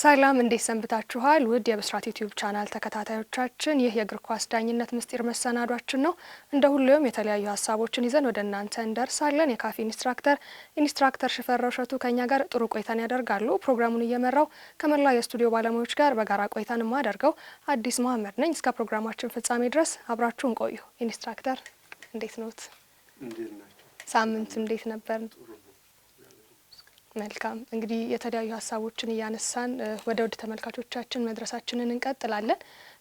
ሰላም እንዴት ሰንብታችኋል? ውድ የብስራት ዩቲዩብ ቻናል ተከታታዮቻችን ይህ የእግር ኳስ ዳኝነት ምስጢር መሰናዷችን ነው። እንደ ሁሌውም የተለያዩ ሀሳቦችን ይዘን ወደ እናንተ እንደርሳለን። የካፊ ኢንስትራክተር ኢንስትራክተር ሽፈራው እሸቱ ከኛ ጋር ጥሩ ቆይታን ያደርጋሉ። ፕሮግራሙን እየመራው ከመላ የስቱዲዮ ባለሙያዎች ጋር በጋራ ቆይታን የማደርገው አዲስ መሀመድ ነኝ። እስከ ፕሮግራማችን ፍጻሜ ድረስ አብራችሁን ቆዩ። ኢንስትራክተር እንዴት ኖት? ሳምንቱ እንዴት ነበር? መልካም እንግዲህ የተለያዩ ሀሳቦችን እያነሳን ወደ ውድ ተመልካቾቻችን መድረሳችንን እንቀጥላለን።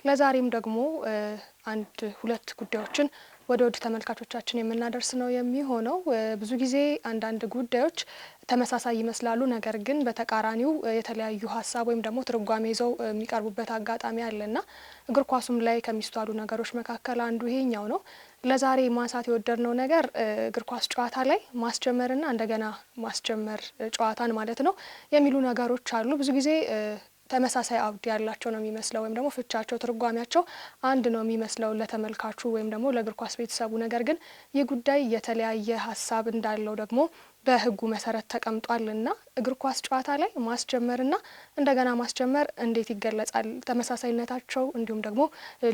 ለዛሬም ደግሞ አንድ ሁለት ጉዳዮችን ወደ ውድ ተመልካቾቻችን የምናደርስ ነው የሚሆነው። ብዙ ጊዜ አንዳንድ ጉዳዮች ተመሳሳይ ይመስላሉ፣ ነገር ግን በተቃራኒው የተለያዩ ሀሳብ ወይም ደግሞ ትርጓሜ ይዘው የሚቀርቡበት አጋጣሚ አለና እግር ኳሱም ላይ ከሚስተዋሉ ነገሮች መካከል አንዱ ይሄኛው ነው። ለዛሬ ማንሳት የወደድነው ነገር እግር ኳስ ጨዋታ ላይ ማስጀመርና እንደገና ማስጀመር ጨዋታን ማለት ነው የሚሉ ነገሮች አሉ። ብዙ ጊዜ ተመሳሳይ አውድ ያላቸው ነው የሚመስለው ወይም ደግሞ ፍቻቸው ትርጓሚያቸው አንድ ነው የሚመስለው ለተመልካቹ ወይም ደግሞ ለእግር ኳስ ቤተሰቡ። ነገር ግን ይህ ጉዳይ የተለያየ ሀሳብ እንዳለው ደግሞ በህጉ መሰረት ተቀምጧል እና እግር ኳስ ጨዋታ ላይ ማስጀመርና እንደገና ማስጀመር እንዴት ይገለጻል፣ ተመሳሳይነታቸው እንዲሁም ደግሞ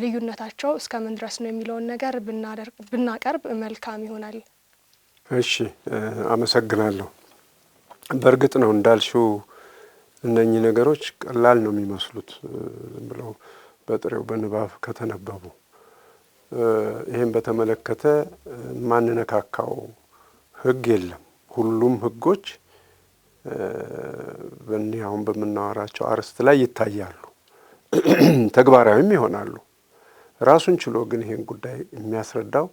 ልዩነታቸው እስከምን ድረስ ነው የሚለውን ነገር ብናቀርብ መልካም ይሆናል። እሺ፣ አመሰግናለሁ። በእርግጥ ነው እንዳልሽው እነኚህ ነገሮች ቀላል ነው የሚመስሉት ዝም ብለው በጥሬው በንባብ ከተነበቡ። ይህም በተመለከተ ማንነካካው ህግ የለም። ሁሉም ህጎች በእኒህ አሁን በምናወራቸው አርዕስት ላይ ይታያሉ፣ ተግባራዊም ይሆናሉ። ራሱን ችሎ ግን ይሄን ጉዳይ የሚያስረዳው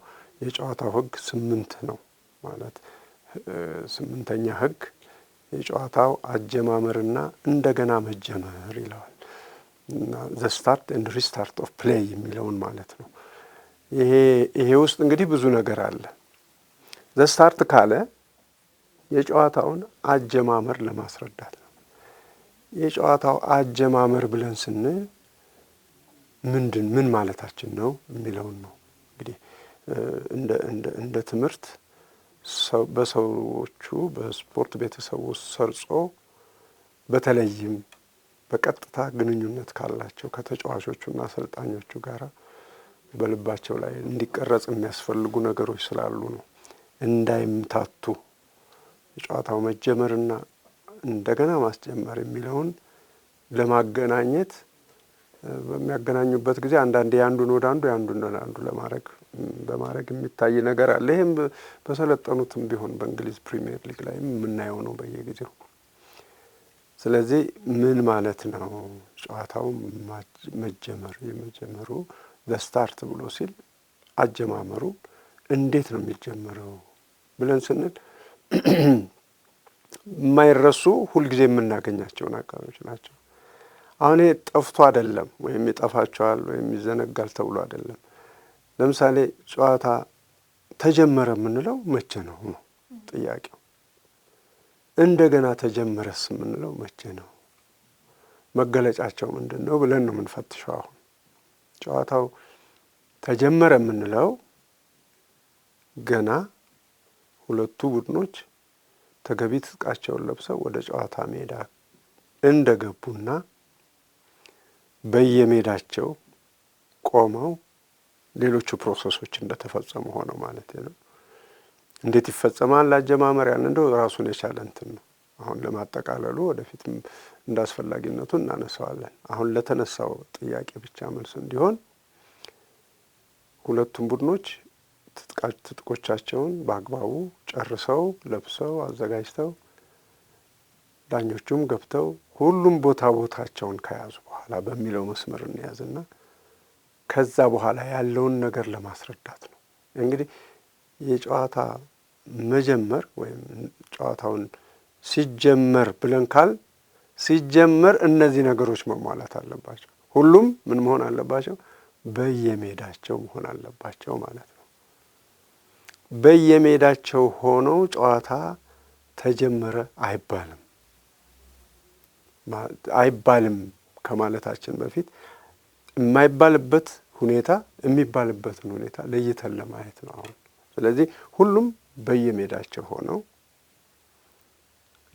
የጨዋታው ህግ ስምንት ነው ማለት ስምንተኛ ህግ የጨዋታው አጀማመርና እንደገና መጀመር ይለዋል። ዘ ስታርት ኤንድ ሪስታርት ኦፍ ፕሌይ የሚለውን ማለት ነው። ይሄ ይሄ ውስጥ እንግዲህ ብዙ ነገር አለ። ዘ ስታርት ካለ የጨዋታውን አጀማመር ለማስረዳት ነው። የጨዋታው አጀማመር ብለን ስንል ምንድን ምን ማለታችን ነው የሚለውን ነው። እንግዲህ እንደ ትምህርት በሰዎቹ በስፖርት ቤተሰቡ ሰርጾ በተለይም በቀጥታ ግንኙነት ካላቸው ከተጫዋቾቹና አሰልጣኞቹ ጋር በልባቸው ላይ እንዲቀረጽ የሚያስፈልጉ ነገሮች ስላሉ ነው እንዳይምታቱ የጨዋታው መጀመርና እንደገና ማስጀመር የሚለውን ለማገናኘት በሚያገናኙበት ጊዜ አንዳንዴ የአንዱን ወደ አንዱ የአንዱን ወደ አንዱ ለማድረግ በማድረግ የሚታይ ነገር አለ። ይህም በሰለጠኑትም ቢሆን በእንግሊዝ ፕሪሚየር ሊግ ላይ የምናየው ነው በየጊዜው። ስለዚህ ምን ማለት ነው ጨዋታው መጀመር የመጀመሩ ዘስታርት ብሎ ሲል አጀማመሩ እንዴት ነው የሚጀመረው ብለን ስንል የማይረሱ ሁልጊዜ የምናገኛቸውን አካባቢዎች ናቸው። አሁን ይሄ ጠፍቶ አይደለም ወይም ይጠፋቸዋል ወይም ይዘነጋል ተብሎ አይደለም። ለምሳሌ ጨዋታ ተጀመረ የምንለው መቼ ነው ነው ጥያቄው። እንደገና ተጀመረስ የምንለው መቼ ነው? መገለጫቸው ምንድን ነው ብለን ነው የምንፈትሸው። አሁን ጨዋታው ተጀመረ የምንለው ገና ሁለቱ ቡድኖች ተገቢ ትጥቃቸውን ለብሰው ወደ ጨዋታ ሜዳ እንደገቡና በየሜዳቸው ቆመው ሌሎቹ ፕሮሰሶች እንደተፈጸሙ ሆነው ማለት ነው። እንዴት ይፈጸማል? አጀማመር ያን እንደው ራሱን የቻለ እንትን ነው። አሁን ለማጠቃለሉ ወደፊት አስፈላጊነቱ እናነሳዋለን። አሁን ለተነሳው ጥያቄ ብቻ መልስ እንዲሆን ሁለቱም ቡድኖች ትጥቆቻቸውን በአግባቡ ጨርሰው ለብሰው አዘጋጅተው ዳኞቹም ገብተው ሁሉም ቦታ ቦታቸውን ከያዙ በኋላ በሚለው መስመር እንያዝና ከዛ በኋላ ያለውን ነገር ለማስረዳት ነው። እንግዲህ የጨዋታ መጀመር ወይም ጨዋታውን ሲጀመር ብለን ካል ሲጀመር እነዚህ ነገሮች መሟላት አለባቸው። ሁሉም ምን መሆን አለባቸው? በየሜዳቸው መሆን አለባቸው ማለት ነው። በየሜዳቸው ሆነው ጨዋታ ተጀመረ አይባልም አይባልም ከማለታችን በፊት የማይባልበት ሁኔታ የሚባልበትን ሁኔታ ለይተን ለማየት ነው አሁን። ስለዚህ ሁሉም በየሜዳቸው ሆነው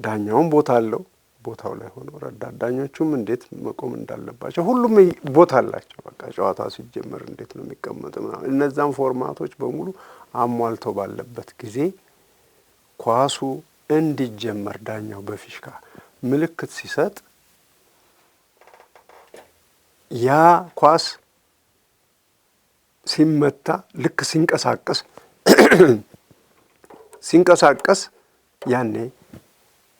ዳኛውም ቦታ አለው ቦታው ላይ ሆኖ ረዳት ዳኞቹም እንዴት መቆም እንዳለባቸው ሁሉም ቦታ አላቸው። በቃ ጨዋታ ሲጀመር እንዴት ነው የሚቀመጡ ምናምን እነዛም ፎርማቶች በሙሉ አሟልተው ባለበት ጊዜ ኳሱ እንዲጀመር ዳኛው በፊሽካ ምልክት ሲሰጥ ያ ኳስ ሲመታ ልክ ሲንቀሳቀስ ሲንቀሳቀስ ያኔ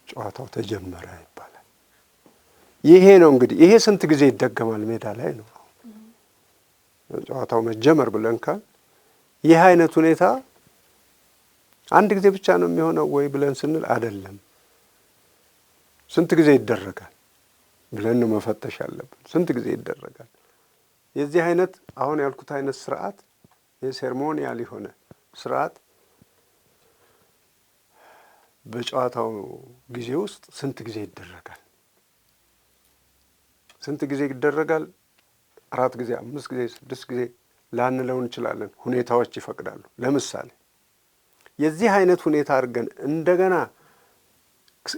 ጨዋታው ተጀመረ። ይሄ ነው እንግዲህ ይሄ ስንት ጊዜ ይደገማል? ሜዳ ላይ ነው ጨዋታው መጀመር ብለን ካል ይህ አይነት ሁኔታ አንድ ጊዜ ብቻ ነው የሚሆነው ወይ ብለን ስንል አይደለም፣ ስንት ጊዜ ይደረጋል ብለን ነው መፈተሽ ያለብን። ስንት ጊዜ ይደረጋል? የዚህ አይነት አሁን ያልኩት አይነት ስርዓት የሴርሞኒያል የሆነ ስርዓት በጨዋታው ጊዜ ውስጥ ስንት ጊዜ ይደረጋል? ስንት ጊዜ ይደረጋል? አራት ጊዜ፣ አምስት ጊዜ፣ ስድስት ጊዜ ላንለው እንችላለን። ሁኔታዎች ይፈቅዳሉ። ለምሳሌ የዚህ አይነት ሁኔታ አድርገን እንደገና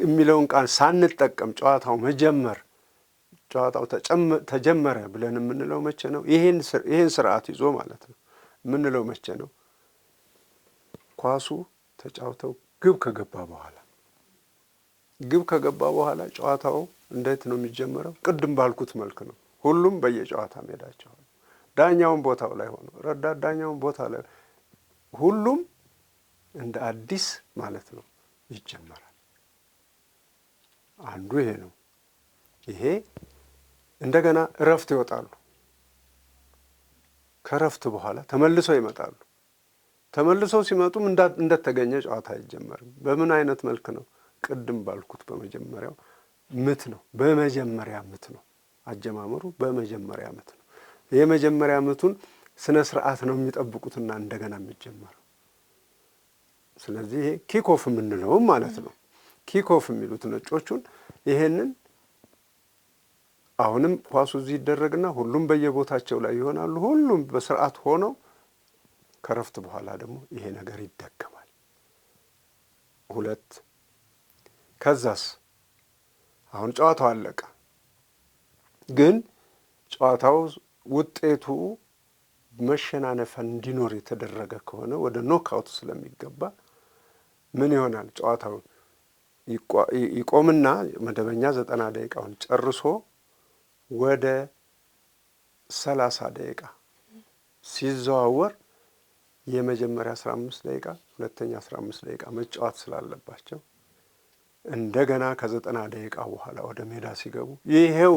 የሚለውን ቃል ሳንጠቀም ጨዋታው መጀመር ጨዋታው ተጀመረ ብለን የምንለው መቼ ነው? ይህን ስርዓት ይዞ ማለት ነው የምንለው መቼ ነው? ኳሱ ተጫውተው ግብ ከገባ በኋላ ግብ ከገባ በኋላ ጨዋታው እንዴት ነው የሚጀመረው? ቅድም ባልኩት መልክ ነው። ሁሉም በየጨዋታ ሜዳቸው ዳኛውን ቦታው ላይ ሆኖ ረዳት ዳኛውን ቦታ ላይ ሁሉም እንደ አዲስ ማለት ነው ይጀመራል። አንዱ ይሄ ነው። ይሄ እንደገና እረፍት ይወጣሉ። ከእረፍት በኋላ ተመልሰው ይመጣሉ። ተመልሰው ሲመጡም እንደተገኘ ጨዋታ አይጀመርም። በምን አይነት መልክ ነው? ቅድም ባልኩት በመጀመሪያው ምት ነው። በመጀመሪያ ምት ነው አጀማመሩ። በመጀመሪያ ምት ነው። የመጀመሪያ ምቱን ስነ ስርዓት ነው የሚጠብቁትና እንደገና የሚጀመረው። ስለዚህ ይሄ ኪኮፍ የምንለውም ማለት ነው። ኪኮፍ የሚሉት ነጮቹን ይሄንን አሁንም ኳሱ እዚህ ይደረግና ሁሉም በየቦታቸው ላይ ይሆናሉ። ሁሉም በስርዓት ሆነው ከረፍት በኋላ ደግሞ ይሄ ነገር ይደገማል። ሁለት ከዛስ አሁን ጨዋታው አለቀ። ግን ጨዋታው ውጤቱ መሸናነፍ እንዲኖር የተደረገ ከሆነ ወደ ኖክአውት ስለሚገባ ምን ይሆናል? ጨዋታው ይቆምና መደበኛ ዘጠና ደቂቃውን ጨርሶ ወደ ሰላሳ ደቂቃ ሲዘዋወር የመጀመሪያ አስራ አምስት ደቂቃ ሁለተኛ አስራ አምስት ደቂቃ መጫወት ስላለባቸው እንደገና ከዘጠና ደቂቃ በኋላ ወደ ሜዳ ሲገቡ ይሄው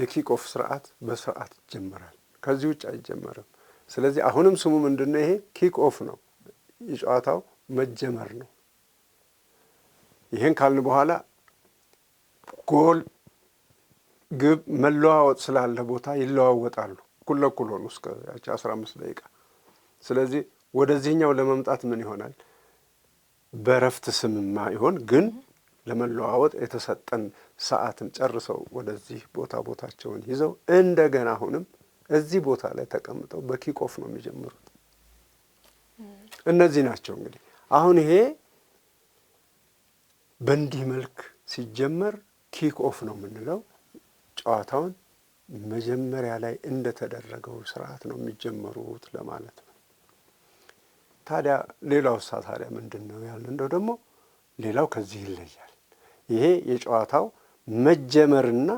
የኪኮፍ ስርዓት በስርዓት ይጀመራል። ከዚህ ውጭ አይጀመርም። ስለዚህ አሁንም ስሙ ምንድን ነው? ይሄ ኪክ ኦፍ ነው፣ የጨዋታው መጀመር ነው። ይሄን ካልን በኋላ ጎል፣ ግብ መለዋወጥ ስላለ ቦታ ይለዋወጣሉ፣ እኩል ለእኩል ሆኑ እስከ ያቺ አስራ አምስት ደቂቃ። ስለዚህ ወደዚህኛው ለመምጣት ምን ይሆናል? በእረፍት ስምማ ይሆን ግን ለመለዋወጥ የተሰጠን ሰዓትን ጨርሰው ወደዚህ ቦታ ቦታቸውን ይዘው እንደገና አሁንም እዚህ ቦታ ላይ ተቀምጠው በኪቆፍ ነው የሚጀምሩት። እነዚህ ናቸው እንግዲህ አሁን ይሄ በእንዲህ መልክ ሲጀመር ኪክ ኦፍ ነው የምንለው። ጨዋታውን መጀመሪያ ላይ እንደተደረገው ስርዓት ነው የሚጀመሩት ለማለት ነው። ታዲያ ሌላው እሳ ታዲያ ምንድን ነው ያለ እንደው ደግሞ ሌላው ከዚህ ይለያል። ይሄ የጨዋታው መጀመርና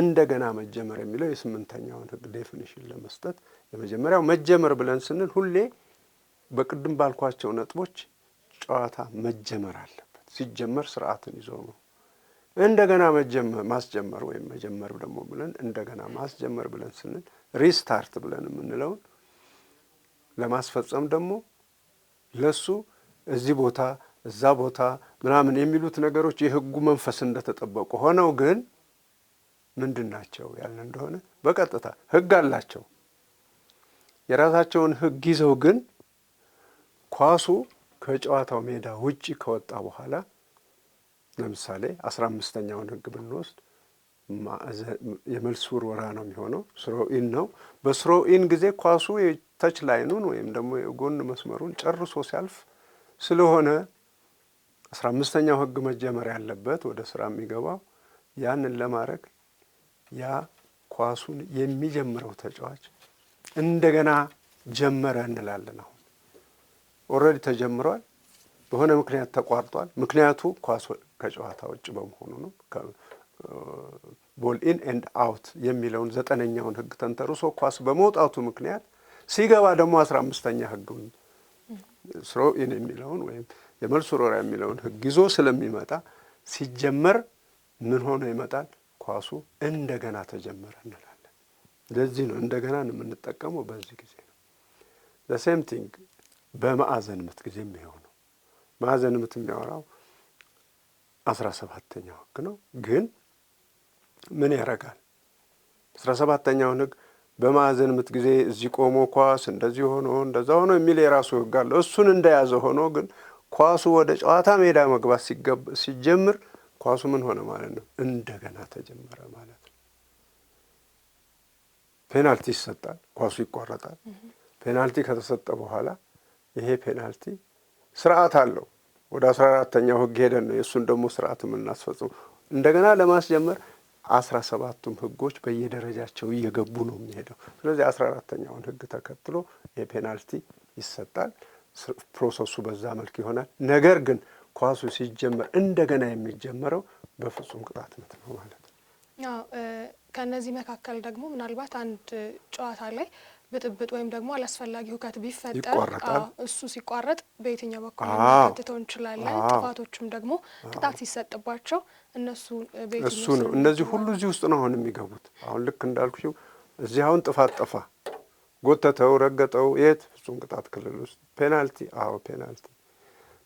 እንደገና መጀመር የሚለው የስምንተኛውን ህግ ዴፊኒሽን ለመስጠት የመጀመሪያው መጀመር ብለን ስንል ሁሌ በቅድም ባልኳቸው ነጥቦች ጨዋታ መጀመር አለበት። ሲጀመር ስርዓትን ይዞ ነው። እንደገና ማስጀመር ወይም መጀመር ደግሞ ብለን እንደገና ማስጀመር ብለን ስንል ሪስታርት ብለን የምንለውን ለማስፈጸም ደግሞ ለሱ እዚህ ቦታ እዛ ቦታ ምናምን የሚሉት ነገሮች የህጉ መንፈስ እንደተጠበቁ ሆነው ግን ምንድን ናቸው ያልን እንደሆነ በቀጥታ ህግ አላቸው። የራሳቸውን ህግ ይዘው ግን ኳሱ ከጨዋታው ሜዳ ውጪ ከወጣ በኋላ ለምሳሌ አስራ አምስተኛውን ህግ ብንወስድ የመልስ ውርወራ ነው የሚሆነው። ስሮኢን ነው። በስሮኢን ጊዜ ኳሱ የተች ላይኑን ወይም ደግሞ የጎን መስመሩን ጨርሶ ሲያልፍ ስለሆነ አስራ አምስተኛው ህግ መጀመር ያለበት ወደ ስራ የሚገባው ያንን ለማድረግ ያ ኳሱን የሚጀምረው ተጫዋች እንደገና ጀመረ እንላለን። አሁን ኦልሬዲ ተጀምሯል፣ በሆነ ምክንያት ተቋርጧል። ምክንያቱ ኳሱ ከጨዋታ ውጭ በመሆኑ ነው። ቦል ኢን ኤንድ አውት የሚለውን ዘጠነኛውን ህግ ተንተርሶ ኳስ በመውጣቱ ምክንያት ሲገባ ደግሞ አስራ አምስተኛ ህግን ስሮ ኢን የሚለውን ወይም የመልሱ ሮራ የሚለውን ህግ ይዞ ስለሚመጣ ሲጀመር ምን ሆኖ ይመጣል? ኳሱ እንደገና ተጀመረ እንላለን። ለዚህ ነው እንደገና የምንጠቀመው በዚህ ጊዜ ነው። ዘሴም ቲንግ በማዕዘን ምት ጊዜ የሚሆነው ማዕዘን ምት የሚያወራው አስራ ሰባተኛው ህግ ነው ግን ምን ያረጋል? አስራ ሰባተኛውን ህግ ምት ጊዜ እዚህ ቆሞ ኳስ እንደዚህ ሆኖ እንደዛ ሆኖ የሚል የራሱ ህግ አለ። እሱን እንደያዘ ሆኖ ግን ኳሱ ወደ ጨዋታ ሜዳ መግባት ሲጀምር ኳሱ ምን ሆነ ማለት ነው? እንደገና ተጀመረ ማለት ነው። ፔናልቲ ይሰጣል፣ ኳሱ ይቆረጣል። ፔናልቲ ከተሰጠ በኋላ ይሄ ፔናልቲ ስርዓት አለው። ወደ አስራ አራተኛው ህግ ሄደን ነው የእሱን ደግሞ ስርዓት የምናስፈጽመው እንደገና ለማስጀመር አስራ ሰባቱም ህጎች በየደረጃቸው እየገቡ ነው የሚሄደው። ስለዚህ አስራ አራተኛውን ህግ ተከትሎ የፔናልቲ ይሰጣል። ፕሮሰሱ በዛ መልክ ይሆናል። ነገር ግን ኳሱ ሲጀመር እንደገና የሚጀመረው በፍጹም ቅጣት ምት ነው ማለት ነው። ከእነዚህ መካከል ደግሞ ምናልባት አንድ ጨዋታ ላይ ብጥብጥ ወይም ደግሞ አላስፈላጊ ሁከት ቢፈጠር እሱ ሲቋረጥ በየትኛው በኩል ትተው እንችላለን። ጥፋቶችም ደግሞ ቅጣት ሲሰጥባቸው እነሱ እሱ ነው። እነዚህ ሁሉ እዚህ ውስጥ ነው አሁን የሚገቡት። አሁን ልክ እንዳልኩ እዚህ አሁን ጥፋት ጠፋ፣ ጎተተው፣ ረገጠው፣ የት ፍጹም ቅጣት ክልል ውስጥ ፔናልቲ። አዎ ፔናልቲ።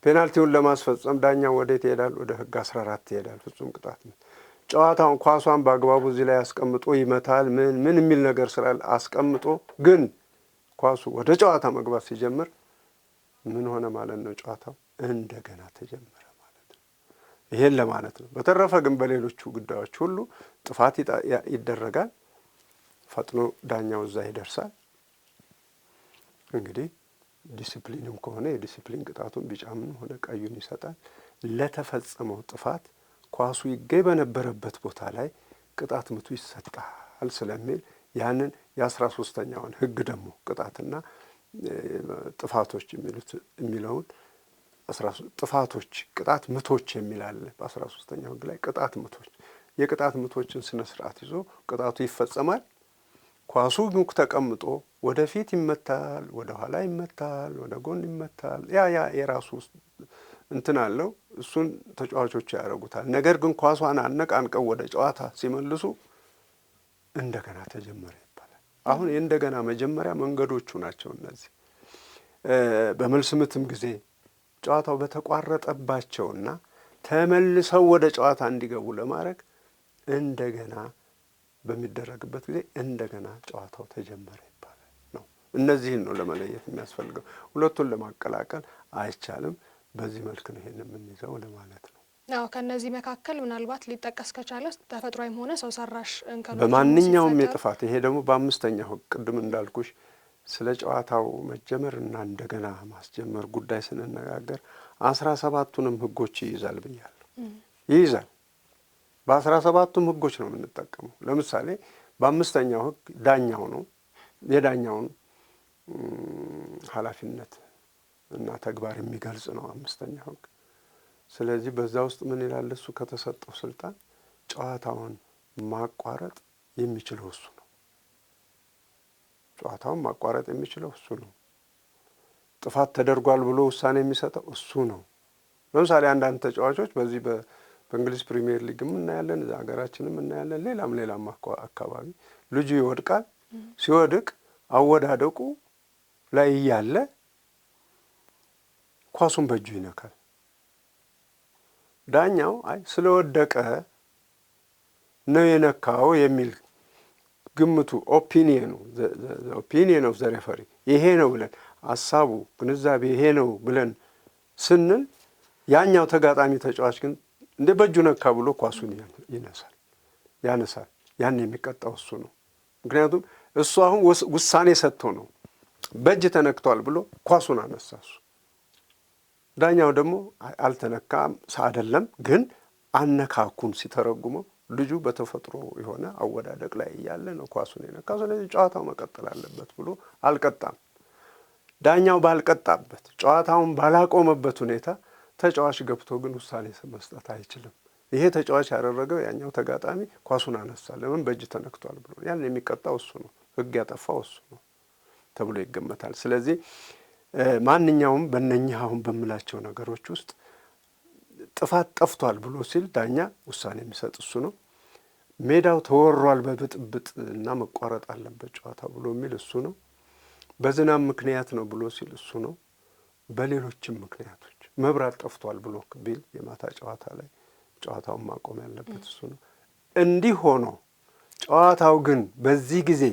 ፔናልቲውን ለማስፈጸም ዳኛው ወዴት ይሄዳል? ወደ ህግ አስራ አራት ይሄዳል። ፍጹም ቅጣት ነው። ጨዋታውን ኳሷን በአግባቡ እዚህ ላይ አስቀምጦ ይመታል ምን ምን የሚል ነገር ስላለ አስቀምጦ ግን ኳሱ ወደ ጨዋታ መግባት ሲጀምር ምን ሆነ ማለት ነው? ጨዋታው እንደገና ተጀመረ ማለት ነው። ይሄን ለማለት ነው። በተረፈ ግን በሌሎቹ ጉዳዮች ሁሉ ጥፋት ይደረጋል፣ ፈጥኖ ዳኛው እዛ ይደርሳል። እንግዲህ ዲስፕሊንም ከሆነ የዲስፕሊን ቅጣቱን ቢጫምን ሆነ ቀዩን ይሰጣል ለተፈጸመው ጥፋት ኳሱ ይገኝ በነበረበት ቦታ ላይ ቅጣት ምቱ ይሰጣል ስለሚል ያንን የአስራ ሶስተኛውን ህግ ደግሞ ቅጣትና ጥፋቶች የሚሉት የሚለውን ጥፋቶች ቅጣት ምቶች የሚላለ በአስራ ሶስተኛው ህግ ላይ ቅጣት ምቶች የቅጣት ምቶችን ስነ ስርዓት ይዞ ቅጣቱ ይፈጸማል። ኳሱ ሙክ ተቀምጦ ወደፊት ይመታል፣ ወደኋላ ይመታል፣ ወደ ጎን ይመታል። ያ ያ የራሱ እንትን አለው። እሱን ተጫዋቾች ያደርጉታል። ነገር ግን ኳሷን አነቅ አንቀው ወደ ጨዋታ ሲመልሱ እንደገና ተጀመረ ይባላል። አሁን የእንደገና መጀመሪያ መንገዶቹ ናቸው እነዚህ። በመልስ ምትም ጊዜ ጨዋታው በተቋረጠባቸውና ተመልሰው ወደ ጨዋታ እንዲገቡ ለማድረግ እንደገና በሚደረግበት ጊዜ እንደገና ጨዋታው ተጀመረ ይባላል ነው። እነዚህን ነው ለመለየት የሚያስፈልገው። ሁለቱን ለማቀላቀል አይቻልም። በዚህ መልክ ነው ይሄን የምንይዘው ለማለት ነው። አዎ ከእነዚህ መካከል ምናልባት ሊጠቀስ ከቻለ ተፈጥሯዊም ሆነ ሰው ሰራሽ እንከኖች በማንኛውም የጥፋት ይሄ ደግሞ በአምስተኛ ህግ ቅድም እንዳልኩሽ ስለ ጨዋታው መጀመር እና እንደገና ማስጀመር ጉዳይ ስንነጋገር አስራ ሰባቱንም ህጎች ይይዛል ብያለሁ። ይይዛል በአስራ ሰባቱም ህጎች ነው የምንጠቀመው። ለምሳሌ በአምስተኛው ህግ ዳኛው ነው የዳኛውን ኃላፊነት እና ተግባር የሚገልጽ ነው አምስተኛው ሕግ። ስለዚህ በዛ ውስጥ ምን ይላል? እሱ ከተሰጠው ስልጣን ጨዋታውን ማቋረጥ የሚችለው እሱ ነው። ጨዋታውን ማቋረጥ የሚችለው እሱ ነው። ጥፋት ተደርጓል ብሎ ውሳኔ የሚሰጠው እሱ ነው። ለምሳሌ አንዳንድ ተጫዋቾች በዚህ በእንግሊዝ ፕሪሚየር ሊግም እናያለን፣ እዛ ሀገራችንም እናያለን፣ ሌላም ሌላም አካባቢ ልጁ ይወድቃል። ሲወድቅ አወዳደቁ ላይ እያለ ኳሱን በእጁ ይነካል። ዳኛው አይ ስለወደቀ ነው የነካው የሚል ግምቱ ኦፒኒየኑ ኦፒኒየን ኦፍ ዘሬፈሪ ይሄ ነው ብለን ሀሳቡ ግንዛቤ ይሄ ነው ብለን ስንል ያኛው ተጋጣሚ ተጫዋች ግን እንደ በእጁ ነካ ብሎ ኳሱን ይነሳል ያነሳል። ያን የሚቀጣው እሱ ነው። ምክንያቱም እሱ አሁን ውሳኔ ሰጥቶ ነው በእጅ ተነክቷል ብሎ ኳሱን አነሳ ዳኛው ደግሞ አልተነካም አይደለም ግን አነካኩን ሲተረጉመው ልጁ በተፈጥሮ የሆነ አወዳደቅ ላይ እያለ ነው ኳሱን የነካ፣ ስለዚህ ጨዋታው መቀጠል አለበት ብሎ አልቀጣም። ዳኛው ባልቀጣበት ጨዋታውን ባላቆመበት ሁኔታ ተጫዋች ገብቶ ግን ውሳኔ መስጠት አይችልም። ይሄ ተጫዋች ያደረገው ያኛው ተጋጣሚ ኳሱን አነሳ፣ ለምን በእጅ ተነክቷል ብሎ ያን የሚቀጣው እሱ ነው፣ ህግ ያጠፋው እሱ ነው ተብሎ ይገመታል። ስለዚህ ማንኛውም በእነኚህ አሁን በምላቸው ነገሮች ውስጥ ጥፋት ጠፍቷል ብሎ ሲል ዳኛ ውሳኔ የሚሰጥ እሱ ነው። ሜዳው ተወሯል በብጥብጥ እና መቋረጥ አለበት ጨዋታ ብሎ የሚል እሱ ነው። በዝናብ ምክንያት ነው ብሎ ሲል እሱ ነው። በሌሎችም ምክንያቶች መብራት ጠፍቷል ብሎ ቢል የማታ ጨዋታ ላይ ጨዋታውን ማቆም ያለበት እሱ ነው። እንዲህ ሆኖ ጨዋታው ግን በዚህ ጊዜ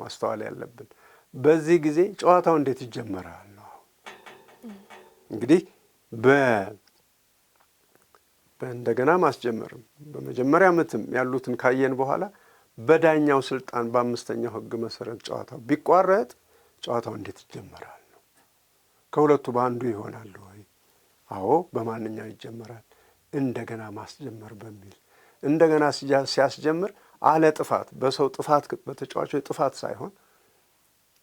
ማስተዋል ያለብን በዚህ ጊዜ ጨዋታው እንዴት ይጀመራል ነው እንግዲህ እንደገና ማስጀመርም በመጀመሪያ ምትም ያሉትን ካየን በኋላ በዳኛው ስልጣን በአምስተኛው ህግ መሰረት ጨዋታው ቢቋረጥ ጨዋታው እንዴት ይጀመራል ነው። ከሁለቱ በአንዱ ይሆናል ወይ? አዎ፣ በማንኛው ይጀመራል? እንደገና ማስጀመር በሚል እንደገና ሲያስጀምር አለ ጥፋት በሰው ጥፋት በተጫዋቾች ጥፋት ሳይሆን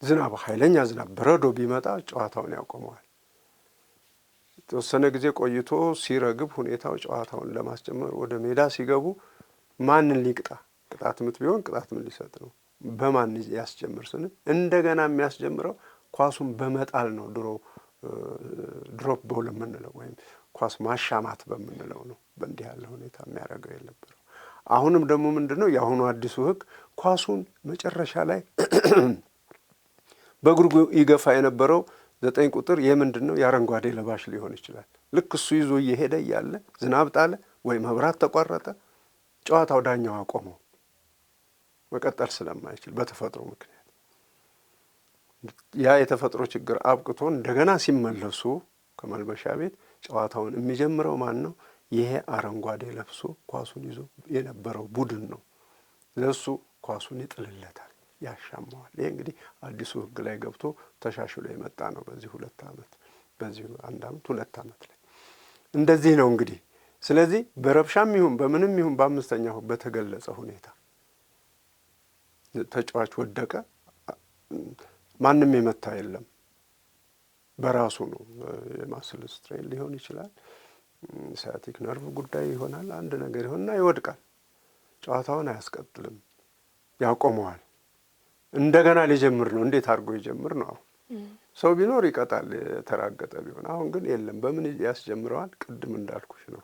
ዝናብ ኃይለኛ ዝናብ በረዶ ቢመጣ ጨዋታውን ያቆመዋል። የተወሰነ ጊዜ ቆይቶ ሲረግብ ሁኔታው ጨዋታውን ለማስጨመር ወደ ሜዳ ሲገቡ ማንን ሊቅጣ ቅጣት ምት ቢሆን ቅጣት ምን ሊሰጥ ነው በማን ያስጀምር ስንል እንደገና የሚያስጀምረው ኳሱን በመጣል ነው። ድሮ ድሮፕ ቦል የምንለው ወይም ኳስ ማሻማት በምንለው ነው። በእንዲህ ያለ ሁኔታ የሚያደርገው የነበረው አሁንም ደግሞ ምንድን ነው የአሁኑ አዲሱ ህግ ኳሱን መጨረሻ ላይ በእግሩ ይገፋ የነበረው ዘጠኝ ቁጥር የምንድን ነው? የአረንጓዴ ለባሽ ሊሆን ይችላል። ልክ እሱ ይዞ እየሄደ እያለ ዝናብ ጣለ ወይ መብራት ተቋረጠ፣ ጨዋታው ዳኛው አቆመው። መቀጠል ስለማይችል በተፈጥሮ ምክንያት ያ የተፈጥሮ ችግር አብቅቶ እንደገና ሲመለሱ ከመልበሻ ቤት ጨዋታውን የሚጀምረው ማን ነው? ይሄ አረንጓዴ ለብሶ ኳሱን ይዞ የነበረው ቡድን ነው። ለሱ ኳሱን ይጥልለታል። ያሻማዋል። ይህ እንግዲህ አዲሱ ህግ ላይ ገብቶ ተሻሽሎ የመጣ ነው። በዚህ ሁለት ዓመት በዚህ አንድ ዓመት ሁለት ዓመት ላይ እንደዚህ ነው እንግዲህ። ስለዚህ በረብሻም ይሁን በምንም ይሁን በአምስተኛው በተገለጸ ሁኔታ ተጫዋች ወደቀ፣ ማንም የመታ የለም። በራሱ ነው። የማስል ስትሬን ሊሆን ይችላል፣ ሳያቲክ ነርቭ ጉዳይ ይሆናል። አንድ ነገር ይሆንና ይወድቃል። ጨዋታውን አያስቀጥልም፣ ያቆመዋል። እንደገና ሊጀምር ነው። እንዴት አድርጎ ይጀምር ነው? አሁን ሰው ቢኖር ይቀጣል፣ የተራገጠ ቢሆን። አሁን ግን የለም። በምን ያስጀምረዋል? ቅድም እንዳልኩሽ ነው።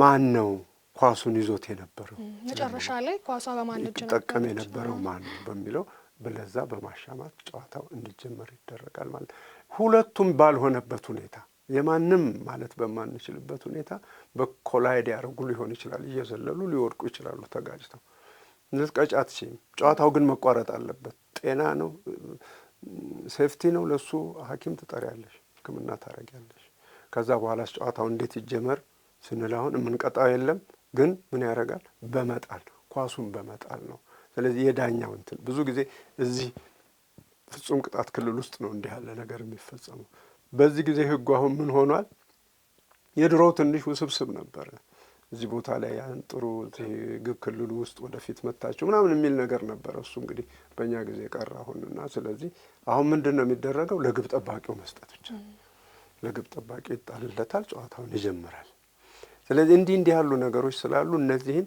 ማን ነው ኳሱን ይዞት የነበረው? መጨረሻ ላይ ኳሷ በማን እጅ ጠቀም የነበረው ማን ነው በሚለው ብለዛ በማሻማት ጨዋታው እንዲጀመር ይደረጋል ማለት ሁለቱም ባልሆነበት ሁኔታ የማንም ማለት በማንችልበት ሁኔታ በኮላይድ ያደርጉ ሊሆን ይችላል። እየዘለሉ ሊወድቁ ይችላሉ ተጋጭተው ልትቀጭ አትችም። ጨዋታው ግን መቋረጥ አለበት። ጤና ነው፣ ሴፍቲ ነው። ለሱ ሐኪም ትጠሪያለሽ፣ ሕክምና ታረጊያለሽ። ከዛ በኋላ ጨዋታው እንዴት ይጀመር ስንል አሁን የምንቀጣው የለም፣ ግን ምን ያደርጋል? በመጣል ኳሱን በመጣል ነው። ስለዚህ የዳኛው እንትን ብዙ ጊዜ እዚህ ፍጹም ቅጣት ክልል ውስጥ ነው እንዲህ ያለ ነገር የሚፈጸመው። በዚህ ጊዜ ህጉ አሁን ምን ሆኗል? የድሮው ትንሽ ውስብስብ ነበረ። እዚህ ቦታ ላይ ያን ጥሩ ግብ ክልሉ ውስጥ ወደፊት መታቸው ምናምን የሚል ነገር ነበረ። እሱ እንግዲህ በእኛ ጊዜ ቀረ አሁንና። ስለዚህ አሁን ምንድን ነው የሚደረገው? ለግብ ጠባቂው መስጠት ብቻ። ለግብ ጠባቂ ይጣልለታል፣ ጨዋታውን ይጀምራል። ስለዚህ እንዲህ እንዲህ ያሉ ነገሮች ስላሉ እነዚህን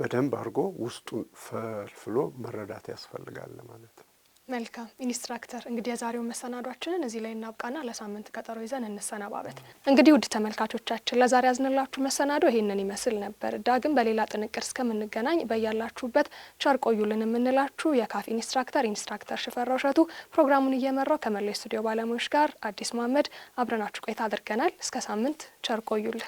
በደንብ አድርጎ ውስጡን ፈልፍሎ መረዳት ያስፈልጋል ማለት ነው። መልካም ኢንስትራክተር፣ እንግዲህ የዛሬውን መሰናዷችንን እዚህ ላይ እናብቃና ለሳምንት ቀጠሮ ይዘን እንሰነባበት። እንግዲህ ውድ ተመልካቾቻችን ለዛሬ ያዝንላችሁ መሰናዶ ይሄንን ይመስል ነበር። ዳግም በሌላ ጥንቅር እስከምንገናኝ በያላችሁበት ቸር ቆዩልን የምንላችሁ የካፍ ኢንስትራክተር ኢንስትራክተር ሽፈራው እሸቱ ፕሮግራሙን እየመራው ከመላ ስቱዲዮ ባለሙያዎች ጋር አዲስ መሀመድ አብረናችሁ ቆይታ አድርገናል። እስከ ሳምንት ቸር ቆዩልን።